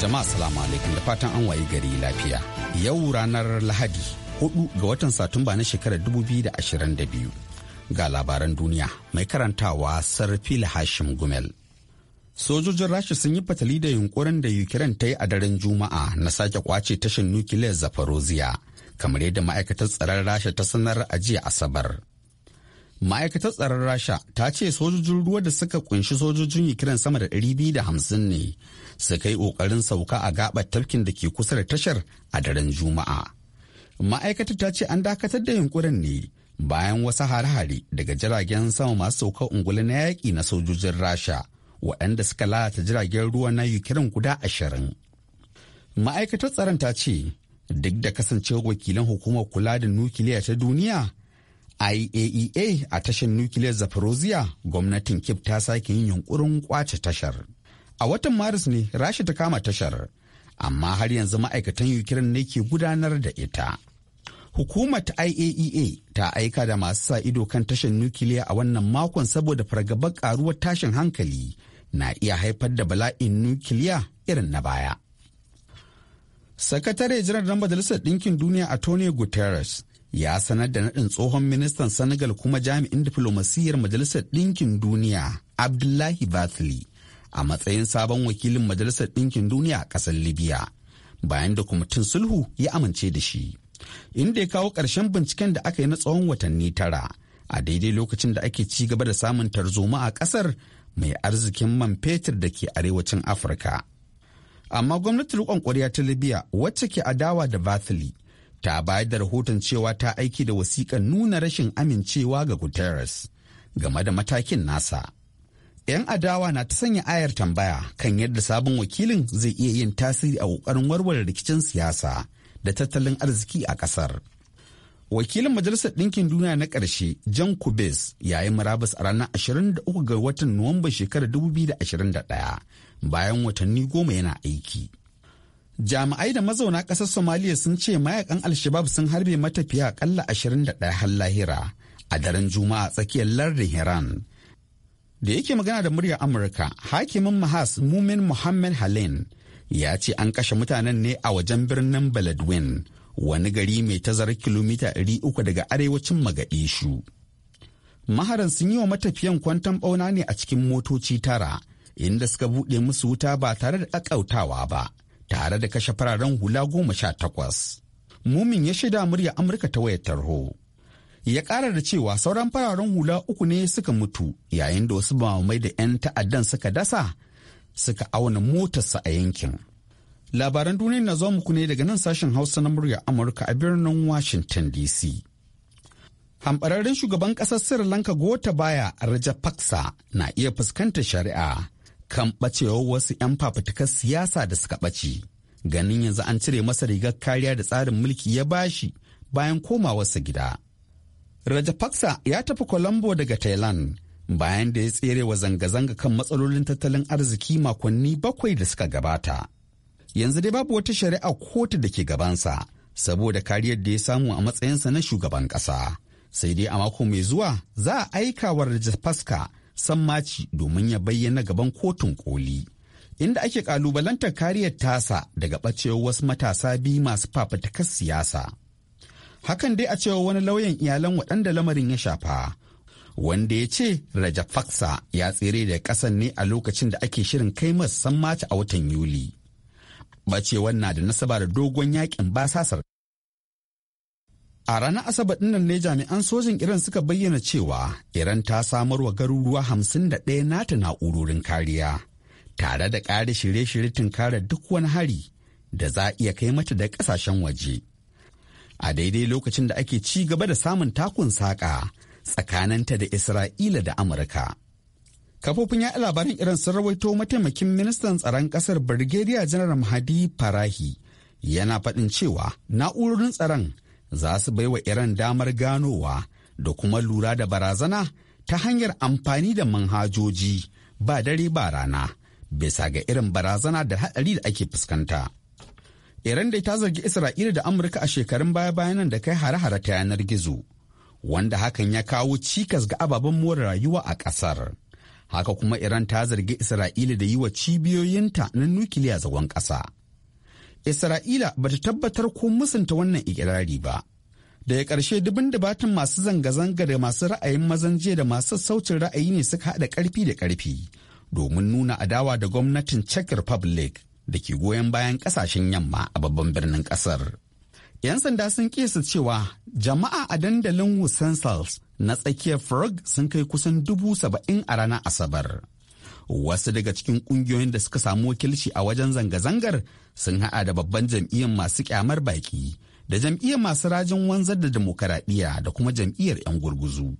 Jama'a salamu alaikum da fatan an wayi gari lafiya. Yau ranar Lahadi, hudu ga watan Satumba na shekarar biyu, Ga labaran duniya mai karantawa sarfi Hashim Gumel. Sojojin Rasha sun yi fatali da yunkurin da Ukraine ta yi a daren Juma'a na sake kwace tashin nukiliyar zafarozia kamar yadda ma'aikatar tsaron Rasha ta sanar a jiya Asabar. ma'aikatar tsaron rasha ta ce sojojin ruwa da suka kunshi sojojin ukraine sama da 250 ne suka yi kokarin sauka a gabar tafkin da ke kusa da tashar a daren juma'a ma'aikatar ta ce an dakatar da yunkurin ne bayan wasu hare-hare daga jiragen sama masu saukar ungulu na yaƙi na sojojin rasha waɗanda suka lalata jiragen ruwa na ukraine guda ashirin ma'aikatar tsaron ta ce duk da kasancewar wakilan hukumar kula da nukiliya ta duniya IAEA e a tashar nukiliyar Zaporozhia gwamnatin Kip ta sake yin yunkurin kwace tashar. A watan Maris ne Rasha ta kama tashar, amma har yanzu ma'aikatan Ukraine ne ke gudanar da ita. Hukumar IAEA e ta aika da masu sa ido kan tashar nukiliya a wannan makon saboda fargabar karuwar tashin hankali na iya haifar da bala'in nukiliya irin na baya. Sakatare jiran Majalisar Ɗinkin Duniya a Tony Guterres ya sanar da naɗin tsohon ministan Senegal kuma jami'in diflomasiyyar Majalisar Ɗinkin Duniya Abdullahi batli a matsayin sabon wakilin Majalisar Ɗinkin Duniya a ƙasar Libya bayan da kwamitin sulhu ya amince da shi. Inda ya kawo ƙarshen binciken da aka yi na tsawon watanni tara a daidai lokacin da ake ci gaba da samun tarzoma a ƙasar mai arzikin man fetur da ke arewacin Afirka. Amma gwamnatin riƙon ƙwarya ta Libya wacce ke adawa da batli ta bayar da rahoton cewa ta aiki da wasiƙar nuna rashin amincewa ga Guterres game da matakin nasa. 'Yan adawa na ta sanya ayar tambaya kan yadda sabon wakilin zai iya yin tasiri a ƙoƙarin warware rikicin siyasa da tattalin arziki a ƙasar. Wakilin Majalisar Ɗinkin Duniya na ƙarshe, John Kubis, ya yi murabus a ranar 23 ga watan Nuwamban shekarar 2021 bayan watanni goma yana aiki. jami'ai da mazauna ƙasar somaliya sun ce mayakan alshabab sun harbe matafiya akalla 21 har lahira a daren juma'a tsakiyar lardin hiran da yake magana da muryar amurka hakimin mahas mumin muhammad halin ya ce an kashe mutanen ne a wajen birnin baladwin wani gari mai tazarar kilomita 300 daga arewacin magadishu maharan sun yi wa matafiyan kwantan bauna ne a cikin motoci tara inda suka buɗe musu wuta ba tare da ƙaƙautawa ba tare da kashe fararen hula goma sha takwas. Mumin ya shaida murya Amurka ta wayar tarho. Ya ƙara da cewa sauran fararen hula uku ne suka mutu yayin da wasu mai da 'yan ta'addan suka dasa suka auna motarsa a yankin. Labaran duniya na zo muku ne daga nan sashen Hausa na murya Amurka a birnin Washington DC. Hamɓararren shugaban ƙasar Sri Lanka Gotabaya Rajapaksa na iya fuskantar shari'a kan ɓacewar wasu 'yan fafutukar siyasa da suka ɓace ganin yanzu an cire masa rigar kariya da tsarin mulki ya bashi bayan koma wasu gida. Rajapaksa ya tafi Colombo daga Thailand bayan da ya tsere wa zanga-zanga kan matsalolin tattalin arziki makonni bakwai da suka gabata. Yanzu dai babu wata shari'a kotu da ke gabansa saboda kariyar da ya samu a matsayinsa na shugaban ƙasa. Sai dai a mako mai zuwa za a aika wa Rajapaksa sammaci domin ya bayyana gaban kotun koli inda ake kalubalantar kariyar tasa daga ɓacewar wasu matasa biyu masu fafatakar siyasa hakan dai a cewa wani lauyan iyalan waɗanda lamarin ya shafa wanda ya ce Raja Faksa ya tsere da ƙasan ne a lokacin da ake shirin kai masu sammaci a watan Yuli. Bacewar na da nasaba da dogon yakin basasar A ranar Asabar ɗinnan ne jami'an sojin Iran suka bayyana cewa Iran ta samar wa garuruwa hamsin da ɗaya nata na'urorin kariya, tare da ƙari shirye-shirye tunkara duk wani hari da za a iya kai mata da ƙasashen waje. A daidai lokacin da ake ci gaba da samun takun saƙa tsakaninta da Isra'ila da Amurka. Kafofin ya labarin Iran sun rawaito mataimakin ministan tsaron ƙasar Bulgaria janar Mahadi Farahi yana faɗin cewa na'urorin tsaron za su baiwa Iran damar ganowa da kuma lura da barazana ta hanyar amfani da manhajoji ba dare ba rana bisa ga irin barazana da haɗari da ake fuskanta. Iran dai ta zargi Isra'ila da Amurka a shekarun baya-bayanan da kai hare-hare ta yanar gizo, wanda hakan ya kawo cikas ga ababen more rayuwa a ƙasar. Haka kuma Iran ta zargi Isra'ila da yi wa cibiyoyinta na nukiliya zagon ƙasa. Isra'ila ba ta tabbatar ko musunta wannan ikirari ba. Daga ƙarshe dubin dubatan masu zanga-zanga da masu ra'ayin mazan jiya da masu saucin ra'ayi ne suka haɗa ƙarfi da ƙarfi domin nuna adawa da gwamnatin Czech Republic da ke goyon bayan ƙasashen yamma a babban birnin ƙasar. 'Yan sanda sun kesa cewa jama'a a dandalin Wisconsin na tsakiyar frog sun kai kusan dubu saba'in a ranar Asabar. wasu daga cikin kungiyoyin da suka samu wakilci a wajen zanga-zangar sun haɗa da babban jam'iyyar masu kyamar baki da jam'iyyar masu rajin wanzar da demokaradiyya da kuma jam'iyyar 'yan gurguzu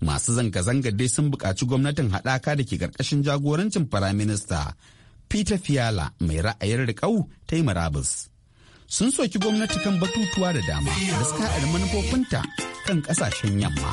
masu zanga-zangar dai sun buƙaci gwamnatin haɗaka da ke ƙarƙashin jagorancin firaminista peter fiala mai ra'ayin riƙau ta yi marabus sun soki gwamnati kan batutuwa da dama da suka haɗa manufofinta kan ƙasashen yamma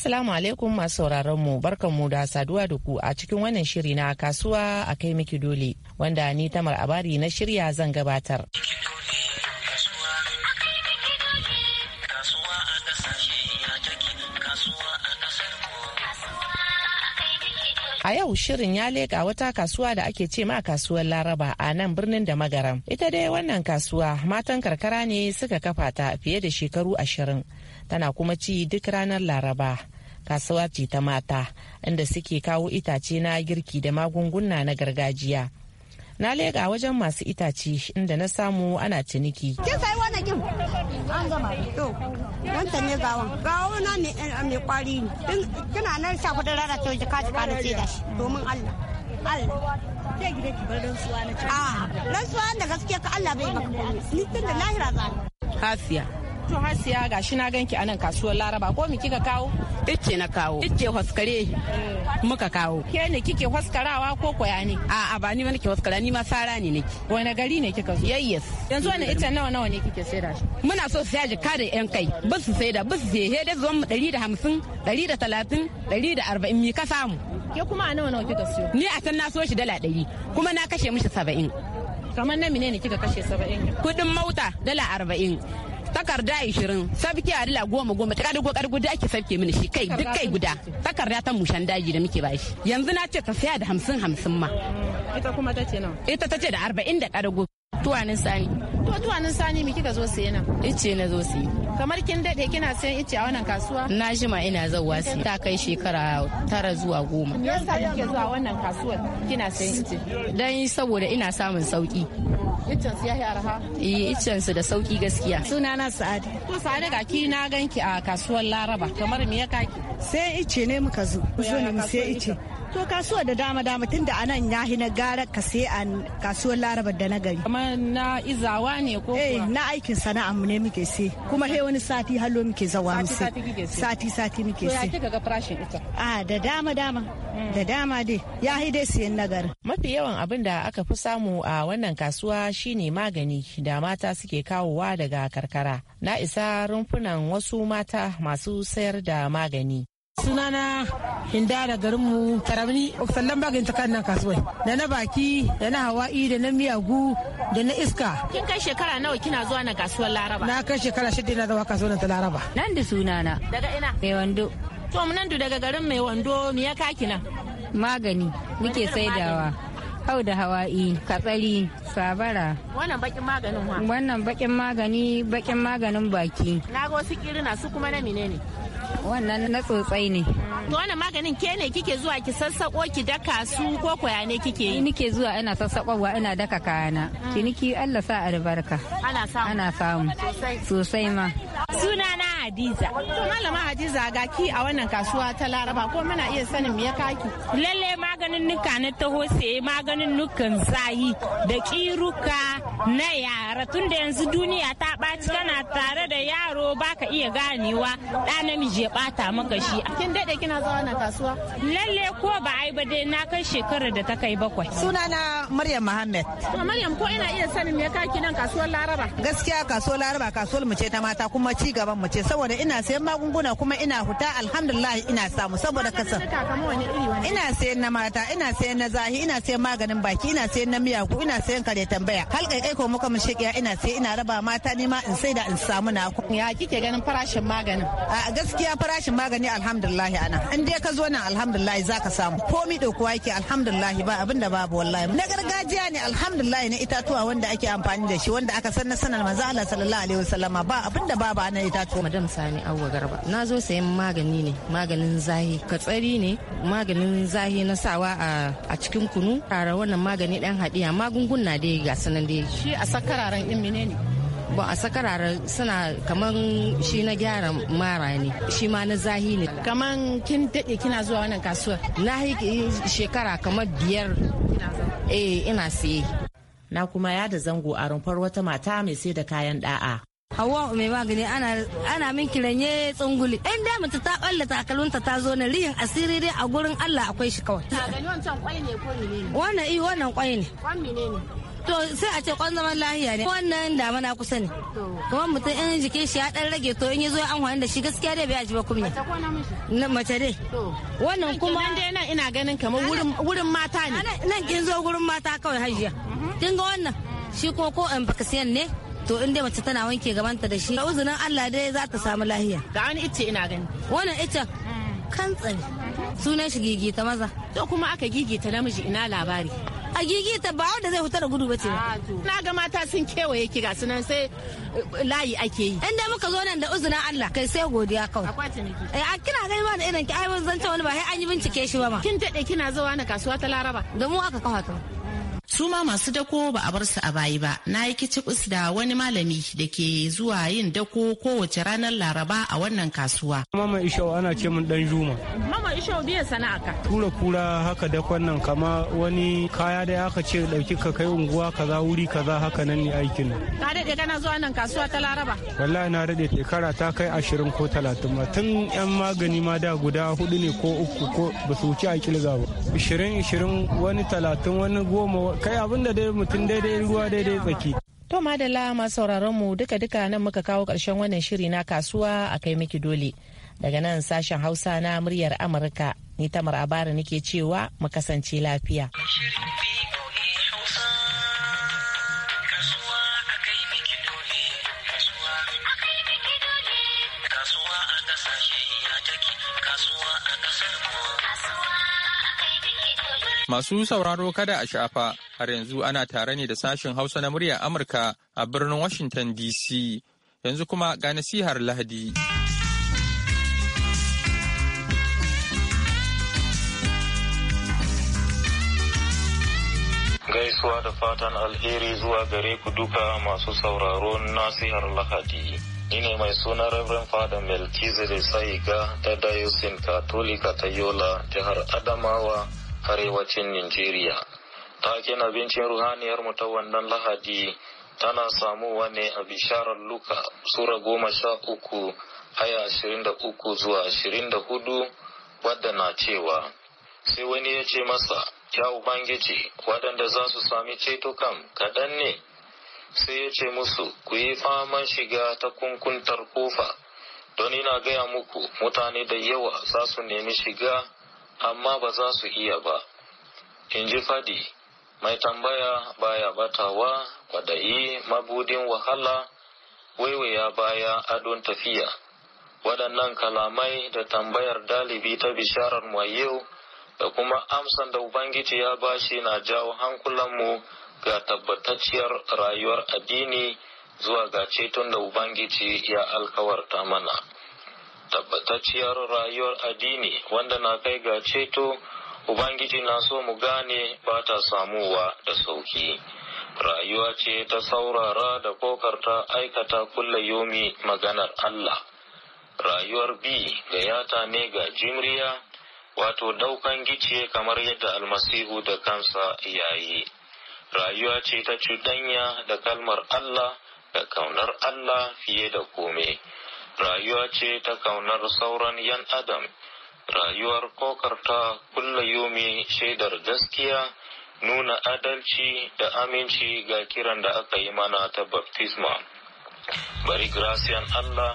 Assalamu alaikum masu sauraron mu barkanmu da saduwa da ku a cikin wannan shiri na kasuwa a kai miki dole wanda ni ta abari na shirya zan gabatar. kasuwa a kasashe ya take kasuwa a kasar A yau shirin ya leƙa wata kasuwa da ake ce ma kasuwar Laraba a nan birnin da magaram. Ita dai wannan kasuwa matan karkara ne suka kafa ta fiye da shekaru ashirin. Tana kuma ci duk ranar Laraba. Kasuwa ce ta mata inda suke kawo itace na girki da magunguna na gargajiya. Na leƙa wajen masu itace inda na samu ana ciniki. Kin sayi wannan kin? to wanta ne gawan gawo na eh, mai kwari ne kina nan sha kudin rara ta jika kaji na ce da shi domin allah allah sai gida ki bar na ah, a da gaskiya ka allah bai baka ni tun da lahira zani hasiya to hasiya gashi na ganki anan kasuwar laraba ko mi kika kawo ice na kawo ice haskare muka kawo ke ne kike haskarawa ko koya ne a a ba ni ma nake haskara ni ma sara ne nake wani gari ne kika zo yes yanzu wani ice nawa nawa ne kike saida shi muna so sai ji da yan kai ba su saida ba su sai he da zuwan mu 150 130 140 mi ka samu ke kuma a nawa nawa kika siyo ni a san na so shi dala 100 kuma na kashe mishi 70 kamar na mine ne kika kashe 70 kudin mota dala arba'in takarda ishirin sabki adila goma goma ta kadugo kadugo da ake sabke mini shi kai duk kai guda takarda ta mushan daji da muke bashi yanzu na ce ta saya da hamsin hamsin ma ita kuma ta ce nawa ita ta ce da arba'in da kadugo tuwanin sani to tuwanin sani me kika zo siye nan ice na zo siye kamar kin dade kina sayan ice a wannan kasuwa na jima ina zauwa siye ta kai shekara tara zuwa goma me yasa kike zuwa wannan kasuwar kina sayan ice dan saboda ina samun sauki Iccen su yayi arha. Eh, su da sauki gaskiya. Sunana sa'adi. ko sa'adi ga ki na ganki a kasuwar Laraba kamar me ya kaki? Sai ice ne muka zo. Zo ne mu sai ice. To kasuwa da dama dama tun da anan ya hina gara ka sai a kasuwar Laraba da na gari. na izawa ne ko Eh na aikin sana'a mu ne muke sai kuma he wani sati hallo muke zawa mu sai. Sati sati muke sai. To ya kika ga farashin ita? Ah da dama dama. Hmm. Da dama dai ya hi dai siyan na Mafi yawan abin da aka fi samu a wannan kasuwa shine magani da mata suke kawowa daga karkara. Na isa rumfunan wasu mata masu sayar da magani. sunana hinda da garinmu taramni sallan bagin ta kan nan kasuwa da na baki da na hawa'i da na miyagu da na iska kin kai shekara nawa kina zuwa na kasuwar laraba na kai shekara shida na zuwa kasuwar ta laraba nan da sunana daga ina mai wando to nan du daga garin mai wando me ya kaki nan magani muke saidawa hau da hawa'i katsari sabara wannan bakin maganin wa wannan bakin magani bakin maganin baki na ga wasu kirina su kuma na menene Wannan na tsotsai ne. to Wannan maganin ke ne kike zuwa ki sassaƙo ki daka su ko koya ne kike yi? Nike zuwa ina sassaƙowa ina daka kayana. Ciniki Allah sa albarka. Ana samu. Ana samu. Sosai ma. Sunana Hadiza. To malama Hadiza ga ki a wannan kasuwa ta Laraba ko muna iya sanin me ya kaki? Lalle maganin nuka na taho sai maganin nukan zayi da kiruka na yara tunda yanzu duniya ta ɓaci kana tare da yaro baka iya ganewa ɗa namiji je bata maka shi kin dade kina zuwa na kasuwa lalle ko ba ai ba dai na kai shekarar da ta kai bakwai Suna na maryam muhammad to maryam ko ina iya sanin me kaki nan kasuwar laraba gaskiya kasuwar laraba kasuwar mu ce ta mata kuma ci gaban mu ce saboda ina sayan magunguna kuma ina huta alhamdulillah ina samu saboda kasan ina sayan na mata ina sayan na zahi ina sayan maganin baki ina sayan na miyagu ina sayan kare tambaya hal kai ko muka mun shekiya ina sai ina raba mata nima in sai da in samu na ya kike ganin farashin maganin a gaskiya ya farashin magani alhamdulillah ana in dai ka zo nan alhamdulillah zaka samu komi kuwa yake alhamdulillah ba abin da babu wallahi na gargajiya ne alhamdulillah na itatuwa wanda ake amfani da shi wanda aka san na sanar manzo Allah sallallahu alaihi wasallam ba abin da babu ana itatuwa madam sani awwa garba na zo sayan magani ne maganin zahi katsari ne maganin zahi na sawa a cikin kunu tare wannan magani dan hadiya magunguna dai ga sanan dai shi a sakararen imine menene ba a sakarara suna kaman shi na gyara mara ne shi ma na zahi ne kaman kin daɗe kina zuwa wannan kasuwar na yi shekara kamar biyar eh ina siye na kuma ya da zango a rumfar wata mata mai sai da kayan da'a Hawa mai magani ana ana min kiranye tsunguli. In da mutu ta balle takalunta ta zo na rihin asiri dai a gurin Allah akwai shi kawai. Ta gani wancan kwai ne ko ne? Wannan i eh, wannan kwai ne. Kwan menene? to sai a ce kwan zaman lahiya ne wannan mana kusa ne kuma mutum in jikin shi ya dan rage to in yi zo an wani da shi gaskiya dai bai aji ba kuma ne mace dai wannan kuma nan dai nan ina ganin kamar wurin mata ne nan kin zo wurin mata kawai hajiya mhm. kin ga wannan shi ko ko an bakasiyan siyan ne to in dai mace tana wanke gabanta da shi da uzunin Allah dai za ta samu lahiya ga wani ice ina gani wannan ice mm. kan tsani sunan shi gigita maza to kuma aka gigita namiji ina labari a gigita ba wanda zai huta da gudu ba ce ah, na ga mata sun kewaye ki ga sunan sai eh, layi ake yi inda muka zo nan da uzunan Allah kai sai godiya kawai eh a kina gani ba da irin ki ai ta wani ba sai an yi bincike shi ba ma kin daɗe kina zuwa na kasuwa ta Laraba da mu aka kawo ta su ma masu dako ba a bar su a bayi ba na yi kicibis da wani malami da ke zuwa yin dako kowace ranar laraba a wannan kasuwa mama ishau ana ce mun dan juma mama ishau biya sana'a ka tura kura haka dakon nan kama wani kaya da aka ce dauki ka kai unguwa kaza wuri kaza haka nan ne aikin ka dade kana zuwa nan kasuwa ta laraba wallahi na dade shekara ta kai ashirin ko talatin ma tun yan magani ma da guda hudu ne ko uku ko ba su wuce a kilga ba ishirin ishirin wani talatin wani goma kai abin da dai mutum daidai ruwa daidai tsaki to madalla masu sauraron mu duka duka nan muka kawo ƙarshen wannan shiri na kasuwa a kai miki dole daga nan sashen hausa na muryar amurka ni tamar abara nake cewa mu kasance lafiya Masu sauraro kada a shafa har yanzu ana tare ne da sashen Hausa na muryar Amurka a birnin Washington DC. Yanzu kuma ga nasihar Lahadi. Gaisuwa da fatan alheri zuwa gare ku duka masu sauraro nasihar Lahadi. Ni ne mai suna Reverend Fada Melchizedek Saiga ta Dayosin Katolika ta Yola, jihar Adamawa, arewacin Nijeriya. Taken abincin ruhaniyar mu ta wannan lahadi tana samuwa ne a bisharar Luka Sura goma sha uku aya ashirin da uku zuwa ashirin da hudu wadda na cewa. Sai wani ya ce masa, ya Ubangiji, waɗanda za su sami ceto kam kaɗan ne, sai ya ce musu, ku yi faman shiga ta kunkuntar kofa, don ina gaya muku mutane da yawa za su nemi shiga amma ba za su iya ba in ji fadi mai tambaya baya batawa kwadayi mabudin wahala waiwaya baya adon tafiya waɗannan kalamai da tambayar dalibi ta bisharar yau da kuma amsan da ubangiji ya bashi na jawo hankulanmu ga tabbatacciyar rayuwar addini zuwa ga ceton da ubangiji ya alkawarta mana. tabbatacciyar rayuwar addini wanda na kai ga ceto ubangiji na so mu gane ba ta samuwa da sauki rayuwa ce ta saurara da kokarta aikata kulle yomi maganar allah rayuwar bi ga yata ne ga jimriya wato daukan giciye kamar yadda almasihu da kansa yayi rayuwa ce ta ɗanya da kalmar allah da kaunar allah fiye da kome rayuwa ce ta kaunar sauran yan adam rayuwar kokarta kulla yomi shaidar gaskiya nuna adalci da aminci ga kiran da aka yi mana ta baptisma bari gracian allah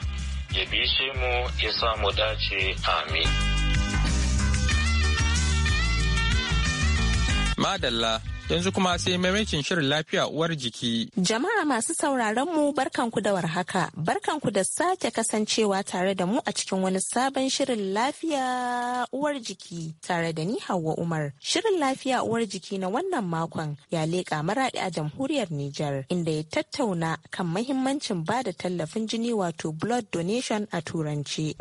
ya bishe mu ya samu dace amin madalla yanzu kuma sai maimakin shirin lafiya uwar jiki. Jama'a masu sauraron mu ku da warhaka, ku da sake kasancewa tare da mu a cikin wani sabon shirin lafiya uwar jiki tare da ni Hauwa Umar. Shirin lafiya uwar jiki na wannan makon ya leƙa maraɗi a jamhuriyar Nijar inda ya tattauna kan mahimmancin ba da tallafin jini wato blood donation a turanci.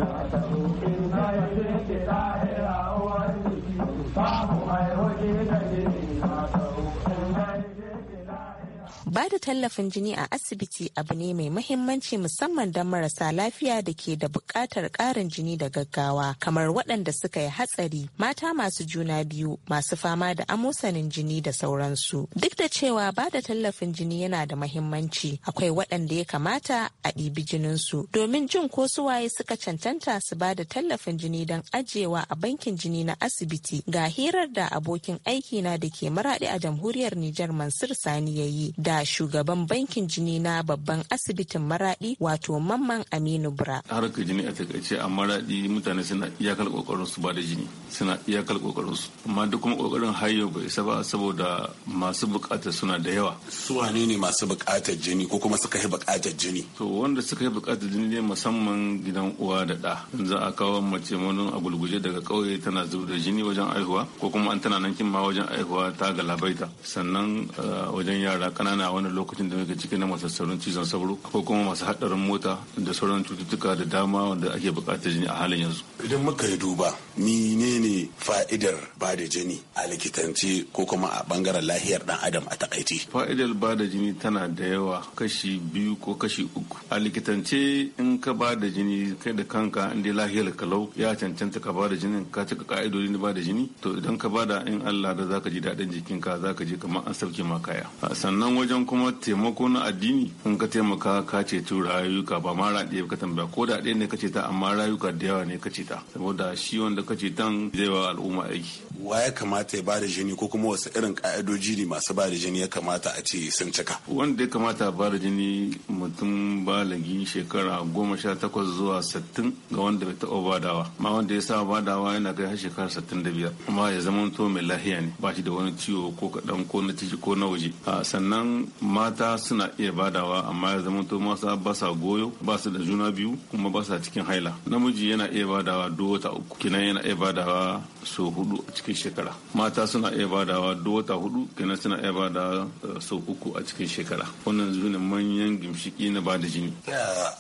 ba da tallafin jini a asibiti abu ne mai mahimmanci musamman don marasa lafiya da ke da buƙatar ƙarin jini da gaggawa kamar waɗanda suka yi hatsari mata masu juna biyu masu fama da amosanin jini da sauransu duk da cewa ba da tallafin jini yana da mahimmanci akwai waɗanda ya kamata a ɗibi jininsu domin jin ko su waye suka cancanta su ba da tallafin jini don ajiyewa a bankin jini na asibiti ga hirar da abokin aiki na da ke maraɗi a jamhuriyar Nijar Mansur Sani ya yi da shugaban bankin jini na babban asibitin maradi wato mamman aminu bura harka jini a takaice a maradi mutane suna iyakar kokarin su ba da jini suna iyakar kokarin su amma duk kuma kokarin hayo bai isa ba saboda masu bukata suna da yawa su wane ne masu bukatar jini ko kuma suka yi bukatar jini to wanda suka yi bukatar jini ne musamman gidan uwa da da za a kawo mace manon a gulguje daga kauye tana zubar da jini wajen aihuwa ko kuma an tana nan kin ma wajen aihuwa ta galabaita sannan eh, wajen yara kanana wani lokacin da muke ciki na sauran cizon sauro ko kuma masu haɗarin mota da sauran cututtuka da dama wanda ake buƙatar jini a halin yanzu. Idan muka yi duba menene fa'idar ba da jini a likitance ko kuma a bangaren lahiyar dan adam a takaice. Fa'idar ba da jini tana da yawa kashi biyu ko kashi uku. A likitance in ka ba da jini kai da kanka in dai lahiyar kalau ya cancanta ka ba da jini ka cika ka'idodin ba da jini to idan ka ba da in Allah da zaka ji daɗin jikinka zaka je kamar an sauke ma kaya. Sannan wajen kuma taimako na addini in ka taimaka ka ceto rayuka ba ma raɗe ka tambaya ko da ɗaya ne ka ta amma rayuka da yawa ne ka ta saboda shi wanda ka cetan zai wa al'umma aiki. Wa ya kamata ya ba da jini ko kuma wasu irin ka'idoji ne masu ba da jini ya kamata a ce sun cika. Wanda ya kamata ba da jini mutum balagi shekara goma sha takwas zuwa sittin ga wanda bai taɓa badawa ma wanda ya sa badawa yana kai har shekara sittin da biyar amma ya zama to mai lahiya ne ba shi da wani ciwo ko kaɗan ko na ciki ko na waje sannan mata suna iya badawa amma ya zama to masa ba sa goyo ba su da juna biyu kuma ba sa cikin haila namiji yana iya badawa duk wata uku kenan yana iya badawa so hudu a cikin shekara mata suna iya badawa duk wata hudu kenan suna iya badawa eh, so uku a cikin shekara wannan zuwa manyan gimshiki na bada jini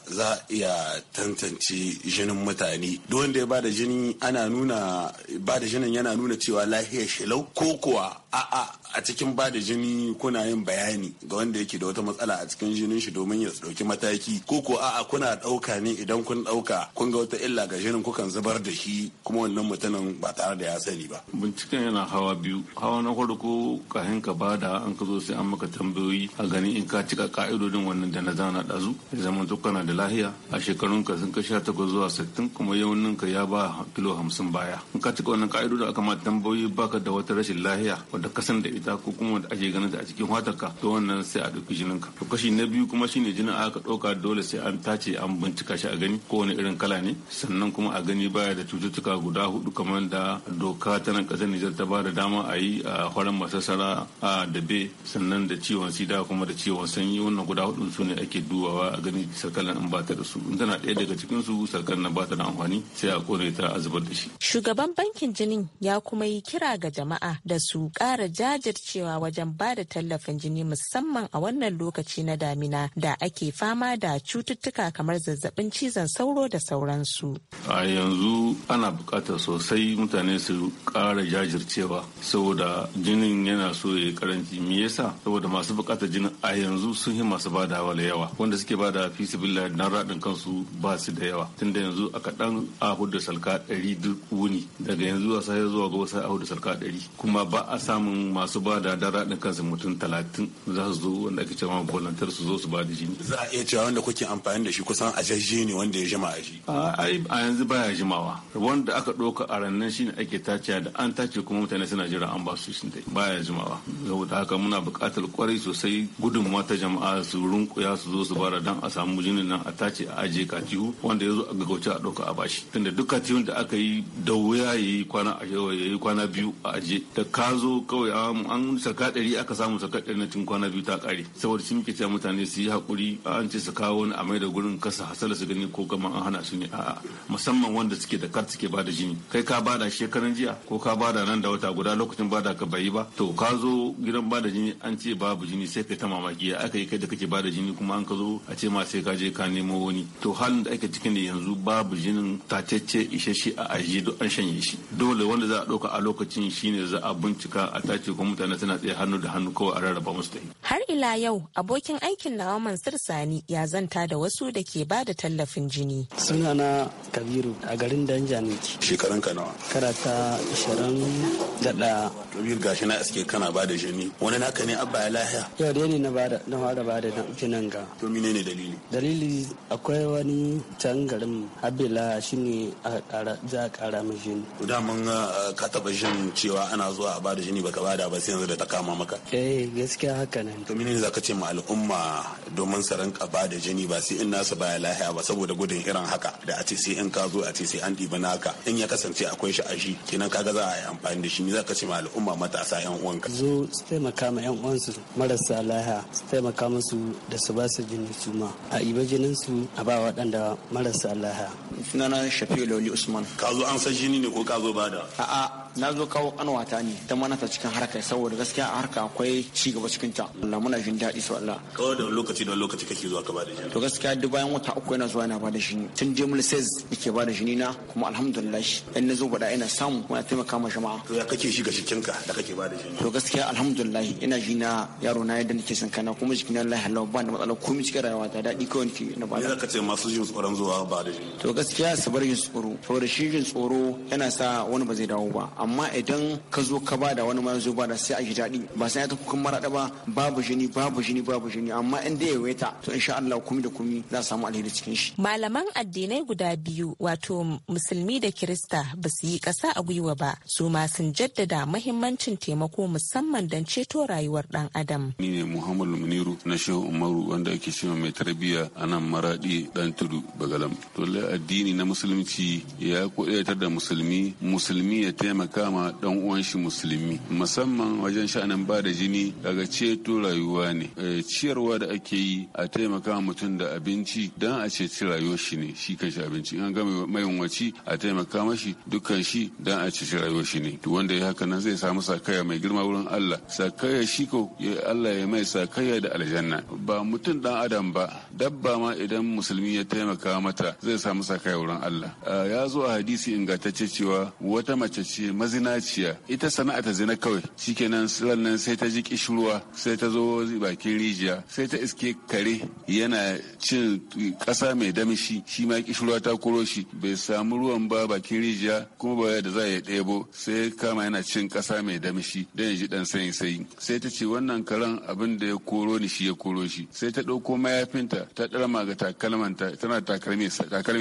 za a iya tantance jinin mutane duk wanda ya bada jini ana nuna bada jinin yana nuna cewa lafiyar shilau ko kuwa A'a a cikin ba da jini kuna yin bayani ga wanda yake da wata matsala a cikin jinin shi domin ya dauki mataki ko ko a'a kuna dauka ne idan kun dauka kun ga wata illa ga jinin kukan zubar da shi kuma wannan mutumin ba tare da ya sani ba binciken yana hawa biyu hawa na farko kahin ka bada an ka zo sai an maka tambayoyi a gani in ka cika ka'idodin wannan da na zana dazu ya zama kana da lahiya a shekarun ka sun ka sha takwas zuwa sittin kuma yawanin ka ya ba kilo hamsin baya in ka cika wannan ka'idodin aka ma tambayoyi baka da wata rashin lahiya da kasan da ita ko kuma da ake ganin ta a cikin ka to wannan sai a ɗauki jinin ka to kashi na biyu kuma shine jinin aka ɗauka dole sai an tace an bincika shi a gani kowane irin kala ne sannan kuma a gani baya da cututtuka guda hudu kamar da doka ta nan ƙasar Nijar ta ba da dama a yi a horon masasara a da be sannan da ciwon sida kuma da ciwon sanyi wannan guda hudu su ne ake dubawa a gani sarkalan in ba ta da su in tana ɗaya daga cikin su sarkar na ba ta da amfani sai a kone ta a zubar da shi. Shugaban bankin jinin ya kuma yi kira ga jama'a da su ƙara ƙara jajircewa wajen ba da tallafin jini musamman a wannan lokaci na damina da ake fama da cututtuka kamar zazzabin cizon sauro da sauransu. A yanzu ana buƙatar sosai mutane su ƙara jajircewa saboda jinin yana so ya karanci me yasa saboda masu bukatar jinin a yanzu sun yi masu badawa da yawa wanda suke bada da sibilla na raɗin kansu ba su da yawa tunda yanzu a kaɗan a da salka ɗari duk wuni daga yanzu a sai zuwa gaba sai a da salka ɗari kuma ba a samu samun masu ba da dara ɗin kansu mutum talatin za su zo wanda ake cewa volunteer su zo su ba da jini. Za a iya cewa wanda kuke amfani da shi kusan ajajje ne wanda ya jima a shi. A yanzu baya jimawa. Wanda aka ɗauka a rannan shi ne ake tacewa da an tace kuma mutane suna jira an ba su shi ne baya jimawa. Saboda haka muna buƙatar ƙwarai sosai gudunmawa ta jama'a su runkuya su zo su bara dan a samu jinin nan a tace a aje katihu wanda ya zo a gaggauce a ɗauka a bashi. Tunda duk katihun da aka yi da wuya ya yi kwana ashirin ya yi kwana biyu a aje da ka zo kawai ah, an saka ɗari aka samu saka ɗari na cikin kwana biyu ta ƙare saboda sun muke mutane su yi haƙuri an ce su kawo wani a mai da gurin kasa hasala su gani ko gama an hana su ne a musamman wanda suke da kar suke bada jini kai ka bada shekaran jiya ko ka bada nan da wata guda lokacin bada ka bai ba to ka zo gidan bada jini an ce babu jini sai kai ta mamaki ya aka yi kai da kake bada jini kuma an ka zo a ce ma sai ka je ka nemo wani to halin da ake cikin ne yanzu babu jinin tatacce shi a ajiye duk an shanye shi dole wanda za a ɗauka a lokacin shine za a bincika a tace ko mutane suna tsaye hannu da hannu kawai a rarraba musu ta har ila yau abokin aikin nawa mansur sani ya zanta da wasu da ke ba da tallafin jini suna na kabiru a garin danja ne shekaran ka nawa karata ishirin da ɗaya kabiru gashi na iske kana ba da jini wani naka ne abba ya lahiya yau dai ne na bada na fara bada na jinin ga to menene dalili dalili akwai wani can garin abila shine a kara za a kara mai jini to mun ah, ka taba jin cewa ana zuwa a bada jini baka bada ba sai yanzu da ta kama maka eh gaskiya haka nan to menene zaka ce ma al'umma domin su rinka bada jini ba sai in nasu baya lahiya ba saboda gudun irin haka da a ce sai in ka zo a ce sai an ɗiba naka in ya kasance akwai shi a shi kenan kaga za a yi amfani da shi za zaka ce ma al'umma matasa yan uwanka zo su taimaka ma yan uwansu marasa lahiya su taimaka musu da su ba su jini su ma a iba jinin su a ba waɗanda marasa lahiya sunana shafi'u lauli usman ka zo an san jini ne ko ka zo bada a'a na zo kawo kanwata ne ta mana ta cikin harka saboda gaskiya a harka akwai ci gaba cikin ta Allah muna jin daɗi su Allah kawo da lokaci da lokaci kake zuwa ka ba da jini to gaskiya duk bayan wata uku yana zuwa yana ba da jini tun jimul says yake ba da jini na kuma alhamdulillah in na zo da ina samu kuma taimaka ma jama'a to ya kake shiga cikinka da kake ba da jini to gaskiya alhamdulillah ina ji na yaro na yadda nake son kana kuma jikin Allah Allah ba da matsala komai cikin rayuwa ta daɗi kawai nake na ba da ka ce masu jin tsoron zuwa ba da jini to gaskiya su bar jin tsoro saboda shi jin tsoro yana sa wani ba zai dawo ba amma idan ka zo ka ba da wani ma zo bada sai a ji daɗi ba sai ta kukan maraɗa ba babu jini babu jini babu jini amma in da yawaita to insha Allah kumi da kumi za a samu alheri cikin shi. Malaman addinai guda biyu wato musulmi da kirista ba su yi ƙasa a gwiwa ba su ma sun jaddada mahimmancin taimako musamman don ceto rayuwar dan adam. Ni ne muhammad Muniru na Shehu Umaru wanda ake cewa mai tarbiyya a nan maraɗi ɗan tudu bagalam. Dole addini na musulunci ya kuɗaitar da musulmi musulmi ya taimaka kama dan uwan shi musulmi musamman wajen sha'anin ba da jini daga ceto rayuwa ne eh, ciyarwa da ake yi a taimaka mutum da abinci dan a ceci rayuwar shi ne shi shi abinci an gama mayunwaci a taimaka mashi dukkan shi dan a ceci rayuwar shi ne to wanda ya haka zai samu sakaya mai girma wurin Allah sakaya shi ko Allah ya mai sakaya da aljanna ba mutum dan adam ba dabba ma idan musulmi ya taimaka mata zai samu sakaya wurin Allah eh, ya zo a hadisi ingantacce cewa wata mace ce mazinaciya ita sana'a ta zina kawai shikenan silan sai ta ji kishirwa sai ta zo bakin rijiya sai ta iske kare yana cin kasa mai damishi shi ma kishirwa ta kuro shi bai samu ruwan ba bakin rijiya kuma ba da za ya ɗebo sai kama yana cin kasa mai damishi don ya ji dan sanyi sanyi sai ta ce wannan karan abin da ya koro ni shi ya koro shi sai ta ɗauko mayafinta ta ɗarma ga takalmanta tana takalmi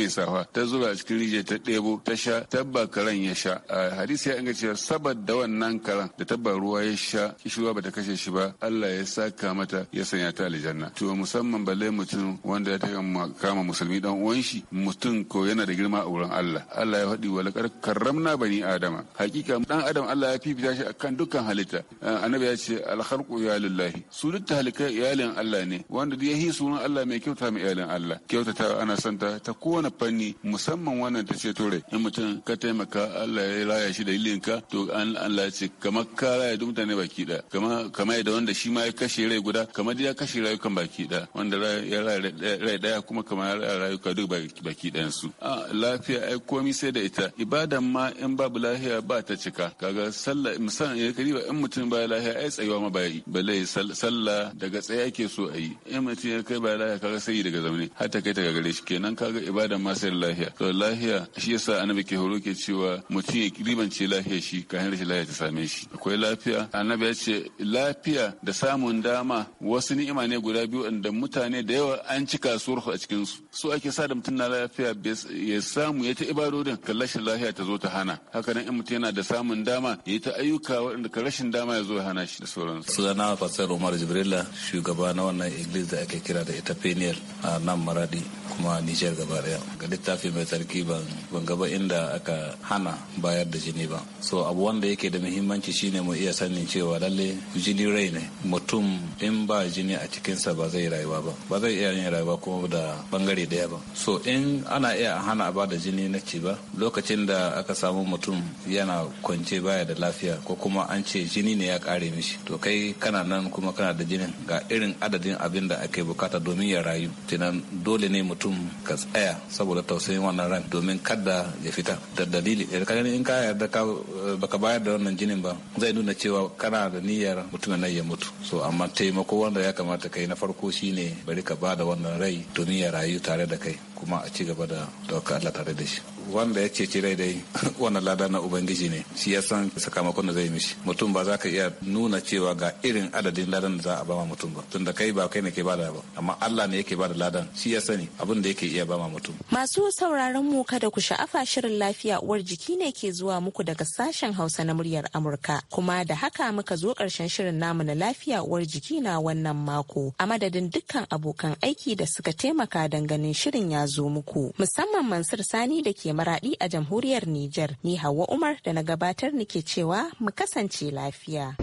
safa ta zuba a cikin rijiya ta ɗebo ta sha tabba karan ya sha a hadisi ta inga cewa saboda wannan karan da tabbar ruwa ya sha kishuwa bata kashe shi ba Allah ya saka mata ya sanya ta aljanna to musamman balle mutum wanda ya taɓa kama musulmi dan uwan shi mutum ko yana da girma a wurin Allah Allah ya faɗi wala karramna bani adama hakika dan adam Allah ya fifita shi akan dukkan halitta annabi ya ce al khalqu ya lillahi su duk halika iyalin Allah ne wanda da yahi sunan Allah mai kyauta mai iyalin Allah kyautata ana santa ta kowane fanni musamman wannan ta ce tore in mutum ka taimaka Allah ya raya shi da dalilin ka to an Allah ce kamar ka raya da mutane baki da kamar kamar da wanda shi ma ya kashe rai guda kamar ya kashe rayukan baki da wanda ya rai daya kuma kamar ya rayuka duk baki da su a lafiya ai komai sai da ita ibadan ma in babu lafiya ba ta cika kaga sallah musamman ya kariba in mutum ba lafiya ai tsayuwa ma ba yi balle sallah daga tsaye ake so a yi in mutum ya kai ba lafiya kaga sai daga zaune har ta kai ta gare shi kenan kaga ibadan ma sai lafiya to lafiya shi yasa annabi ke horo ke cewa mutum ya ribance ce lafiya shi hanyar shi lafiya ta same shi akwai lafiya annabi ya ce lafiya da samun dama wasu ni'ima ne guda biyu inda mutane da yawa an ci kasuwar a cikin su so ake sa da mutum na lafiya ya samu ya ta ibadodin ka rashin lafiya ta zo ta hana haka nan in mutum yana da samun dama ya ta ayyuka waɗanda ka rashin dama ya zo hana shi da sauransu sunana fasar umar jibrila shugaba na wannan iglis da ake kira da ita peniel a nan maradi kuma nijar gaba daya ga littafi mai tsarki ban gaba inda aka hana bayar da jini ba so abu wanda yake da muhimmanci shine mu iya sanin cewa lalle jini rai ne mutum in ba jini a cikinsa ba zai rayuwa ba ba zai iya yin rayuwa kuma da bangare daya ba so in ana iya hana ba da jini na ci ba lokacin da aka samu mutum yana kwance baya da lafiya ko kuma an ce jini ne ya kare mishi to kai kana nan kuma kana da jinin ga irin adadin abin da ake bukata domin ya rayu tunan dole ne mutum ka tsaya saboda tausayin wannan ran domin kada ya fita da dalili eh, in ka yarda ka Eh, baka bayar da wannan jinin ba zai nuna cewa kana da niyyar mutumin nan ya mutu so amma taimako wanda ya kamata kai na farko shine bari ka bada wannan rai domin ya rayu tare da kai kuma a ci gaba da dauka Allah tare da shi wanda ya ceci rai dai wannan lada na ubangiji ne shi ya san sakamakon da zai mishi mutum ba za ka iya nuna cewa ga irin adadin ladan da za a bama mutum ba tunda kai ba kai ne ke bada ba amma Allah ne yake bada ladan shi ya sani abin da yake iya bama mutum masu sauraron mu kada ku sha'afa shirin lafiya uwar jiki ne ke zuwa muku daga sashen Hausa na muryar Amurka kuma da haka muka zo karshen shirin namu na lafiya uwar jiki na wannan mako a madadin dukkan abokan aiki da suka taimaka dan ganin shirin ya zo muku musamman Mansur Sani da ke maraɗi maradi a jamhuriyar Nijar. Ni Hauwa Umar da na gabatar nike cewa mu kasance lafiya.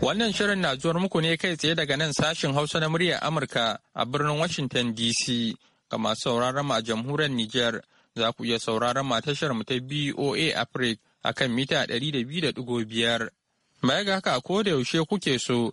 Wannan shirin na zuwar muku ne kai tsaye daga nan sashin Hausa na muryar Amurka a birnin Washington DC. Ga masu sauraron a jamhuriyar Nijar za ku iya sauraron ma tashar mu ta BOA Africa akan mita 200.5. Baya ga haka ko da yaushe kuke so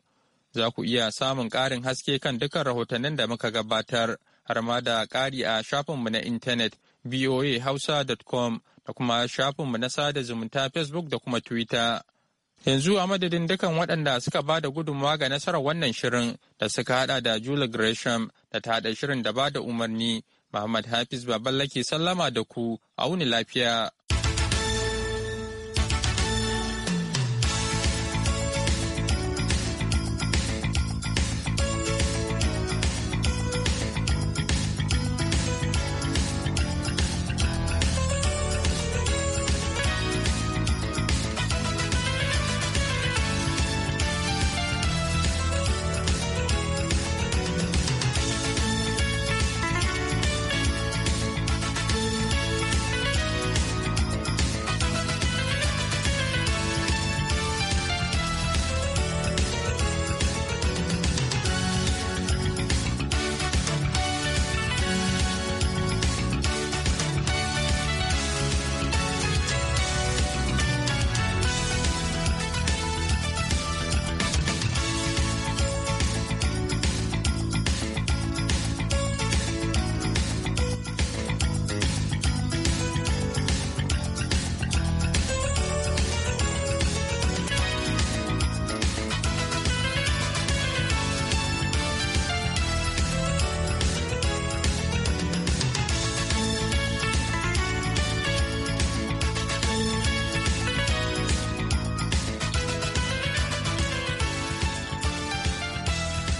Za ku iya samun ƙarin haske kan dukkan rahotannin da muka gabatar har ma da kari a shafinmu na intanet voahausa.com da kuma shafinmu na sada zumunta Facebook da kuma Twitter. Yanzu a madadin dukkan waɗanda suka ba da gudunmawa ga nasarar wannan shirin da suka haɗa da Julie Gresham da ta haɗa shirin da ba da umarni, Muhammad Hafiz Baballake sallama da ku, auni lafiya.